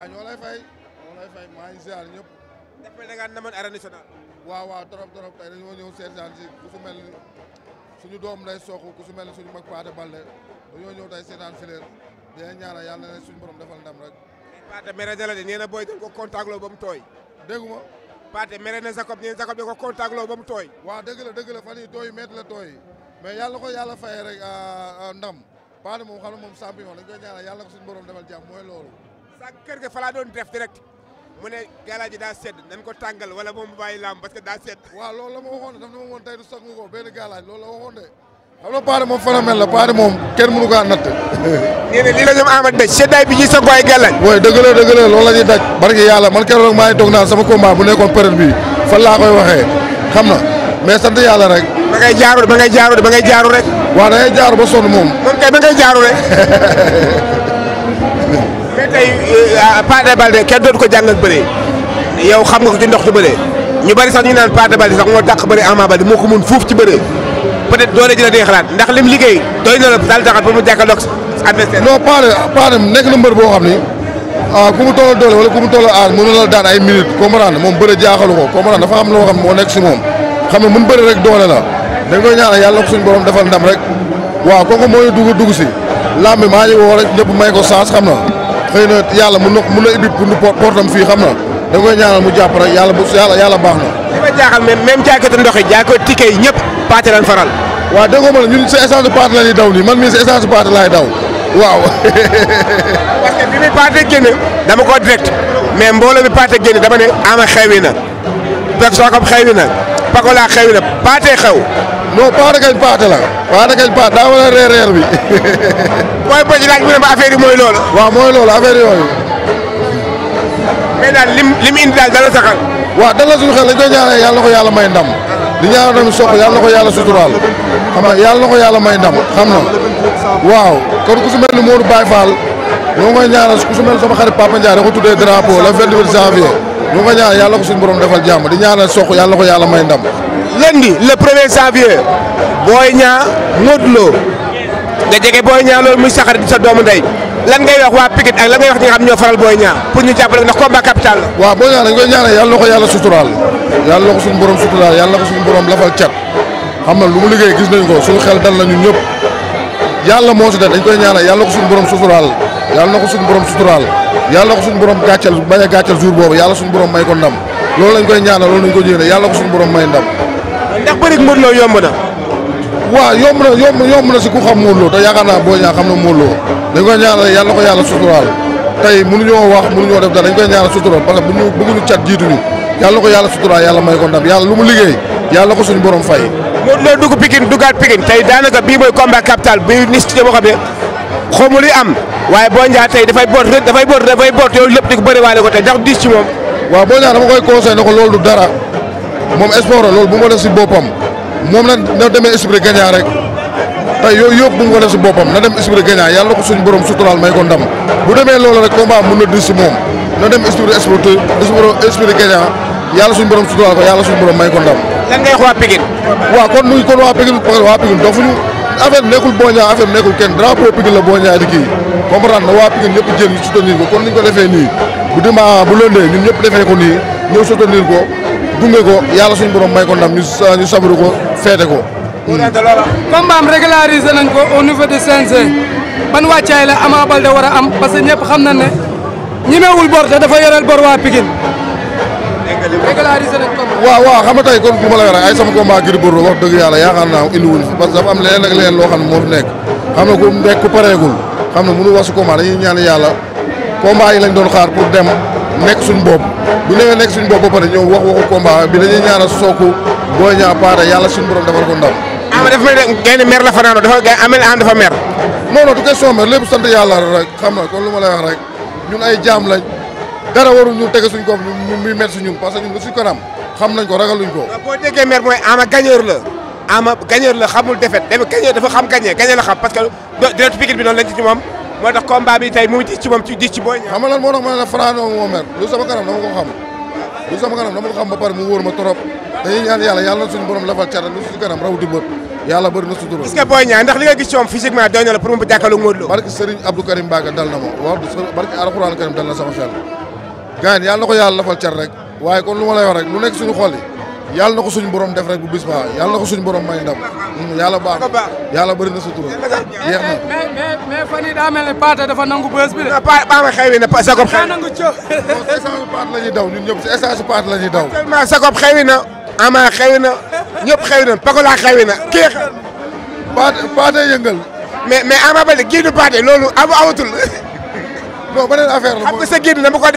waaw ah, ñoo lay fay ñoo lay fay ñëpp. dafa da ngaa namoon arène nationale. waaw waaw trop trop tey dañoo ñëw seetaan si ku su mel ni suñu doom day soq ku su mel ni suñu mag Paate Balde dañoo ñëw tey seetaan fileer di leen ñaanal yàlla na suñu borom defal ndam rek. Paate mere na booy dañ ko contact loo ba mu tooy. dégg nga. Paate mere na Jacob nee Jacob da ko contact loo ba mu tooy. waaw dëgg la dëgg la fan yii tooy métti la tooy mais yàlla ko yàlla fayee rek ah, ah, ndam Paate moom xam na moom champion dañ koy ñaanal yàlla ko suñu borom defal jàmm mooy loolu sa kër ga fa laa doon def direct mu ne gala sedd nañ ko tàngal wala moom mu bàyyi laam parce que daa sedd. waaw loolu la ma waxoon ne daf na ma woon tey ko benn galaaj loolu la waxoon de. xam nga Paare moom la Paare moom kenn mënu kaa natt. nee na lii la ñoom Amady daj seddaay bi ñuy sangu ay galaaj. mooy dëgg la dëgg la loolu la man keroog maa ngi toog naan sama combat bu nekkoon période bii fan laa ba ngay jaaru ba ngay jaaru ba ngay jaaru ba sonn moom. moom kay ba ngay Ah, Paate Balde kenn dootu ko jàngal bëree yow xam nga ko ci ndox ci bëree ñu bari sax ñu naan Paate Balde sax moo dàq bëri Ama Balde moo ko mun fuuf ci bëree peut-être doole ji la dee xalaat ndax lim liggéey doy na la daal taxat pour mu jàkkaarloog nekk na mbër boo xam ni ah ku mu tolloo doole wala ku mu tolloo aar mën na la daan ay minutes comprendre moom bëre jaaxalu ko comprendre dafa am loo xam moo nekk si moom xam ne mun bëri rek doole la dañ koy ñaanal yàlla ko suñu borom defal ndam moo ñu dugg dugg si lamb bi maa ngi ko saas xam na xëy na yàlla mun na mun na portam fii xam na da koy ñaanal mu jàpp rek yàlla bu yàlla yàlla baax na. li ma jaaxal même même jaaykatu ndox yi jaaykatu ñëpp paate lañ faral. waaw dégg nga ma ne ñun sa essence paate la ñuy daw nii man mii sa essence paate laay daw waaw. parce que mi muy paate génn dama ko direct mais mbooloo bi paate génn dama ne ama xewi na. Pek Sokab xewi na Pakola xewi na paate xew. non paata kañ paata la paata kañ paata daa war a reer reer bi. booy booy laaj mu ne ma affaire yi mooy loolu. waaw mooy loolu affaire yooyu. mais daal lim lim indi daal dala sa xel. waaw dala xel dañ koy ñaanal yàlla na ko yàlla may ndam di ñaanal tamit soq yàlla na ko yàlla suturaal xam nga yàlla na ko yàlla may ndam xam na waaw kon ku si mel ni Modou Baye Fall ñoo ngi koy ñaanal ku si mel sama xarit Papa ñu ko ñaan yàlla ko suñu borom defal jàmm di ñaanal sox yàlla ko yàlla may ndam. lundi le premier janvier Boy Niang Modou Lo nga jege Boy ñaa loolu muy saxar di sa doomu ndey lan ngay wax waa Pikine ak lan ngay wax ñi nga xam ñoo faral Boy Niang pour ñu jàppale ndax ko capital la. waaw Boy Niang dañ koy ñaanal yàlla ko yàlla suturaal yàlla ko suñu borom suturaal yàlla ko suñu borom lafal cat xam nga lu mu liggéey gis nañ ko suñu xel dal na ñun ñëpp yàlla moo si def dañ koy ñaanal yàlla ko borom suturaal yàlla na ko suñu borom suturaal yàlla na ko suñu borom gàccal bañ a gàccal jour boobu yàlla suñu borom may ko ndam loolu lañ koy ñaanal loolu lañ ko jéene yàlla na ko suñu borom may ndam. ndax bëri ak Modou na. waaw yomb na si ku xam Modou te yaakaar boo ñaa xam na Modou Lo koy ñaanal yàlla na ko yàlla suturaal tey mënuñoo wax mënuñoo def dara dañ koy ñaanal suturaal bu ñu bëgguñu cat jiituñu yàlla na ko yàlla suturaal yàlla may ko ndam xawma luy am waaye Boy Niang tey dafay boot rek dafay boot dafay boot yooyu lépp di ko bëriwaale ko tey diis ci moom. waaw Boy Niang dama koy conseillé ne ko loolu dara moom sport la loolu si boppam moom nag na demee esprit gagnant rek tey yooyu yëpp bu mu ko def si boppam na dem esprit gagnant yàlla ko suñ borom suturaal may ko ndam bu demee loolu rek combat mun na diis si moom na dem esprit esprit esprit gagnant yàlla suñ borom suturaal ko yàlla suñ borom may ko ndam. lan ngay wax waa kon muy kon waa Pikine affaire nekkul Boy Niang affaire nekkul kenn drapeau Pikine la Boy Niang di kii comprendre na waa Pikine ñëpp jël ñu ko kon niñ ko defee nii bu dima bu lëndee ñun ñëpp defee ko nii ñëw soutenir ko gunge ko yàlla borom may ko ndam ñu ñu ko feete ko. combat am régularisé nañ ko au niveau de CNG ban la Ama Baldé war a am parce que ñëpp xam nañ ne ñi meewul bor te dafa yoreel bor waa Pikine. régulariser nañ combat. waaw waaw xam nga tey kon bu ma la wax ay sama combat Gris Bordeaux wax dëgg yàlla yaakaar naa indiwuñ fi parce que dafa am leneen ak leneen loo xam ne moo fi nekk xam na ku nekk ku pareegul xam ne mënu wasu combat dañuy ñaan yàlla combat yi lañ doon xaar pour dem nekk suñ bopp bu ñu demee nekk suñ bopp ba pare ñëw wax waxu combat bi dañuy ñaanal sooku booy ñaa paare yàlla suñu borom defal ko ndam. ama ah, dafa mer la fanaanoo dafa gay amel am dafa mer. non non du question mer lépp sant yàlla rek xam na kon lu ma lay dara warul ñu tege suñ koom ñu met si ñun parce que ñun lu suñ ko am xam nañ ko ragaluñ ko. waaw boo déggee maire mooy ama gagneur la ama gagneur la xamul défaite gagneur xam gagné gagné la xam parce que direct bi noonu lañ ci ci moom moo tax combat bi tey mu ngi ci moom ci ci booy. xam nga moo tax ma ne la Franc mer lu sama kanam dama ko xam xam ba mu wóor ma trop dañuy ñaan yàlla yàlla na suñu borom lafal cat lu suñu kanam rawati bët yàlla bëri gaan yàlla na ko yàlla lafal car rek waaye kon lu ma lay wax rek lu nekk suñu xol yi yàlla na ko suñu borom def rek bu bis ba yàlla na ko suñu borom may ndam hmm, yàlla baax yàlla bëri na sa tur yeex na mais fan yii daa mel ne Pathé dafa nangu bës bi de. Pathé xewi na Jacob xewi na nangu coow. essence Pathé la ñuy daw ñun ñëpp si essence Pathé la ñuy daw. actuellement Jacob xewi na Ama xewi na ñëpp xewi na Pakola xewi na kii. Pathé Pathé yëngal. mais mais Ama Baldé gii du Pathé loolu amu amatul. non beneen affaire la. xam nga sa gii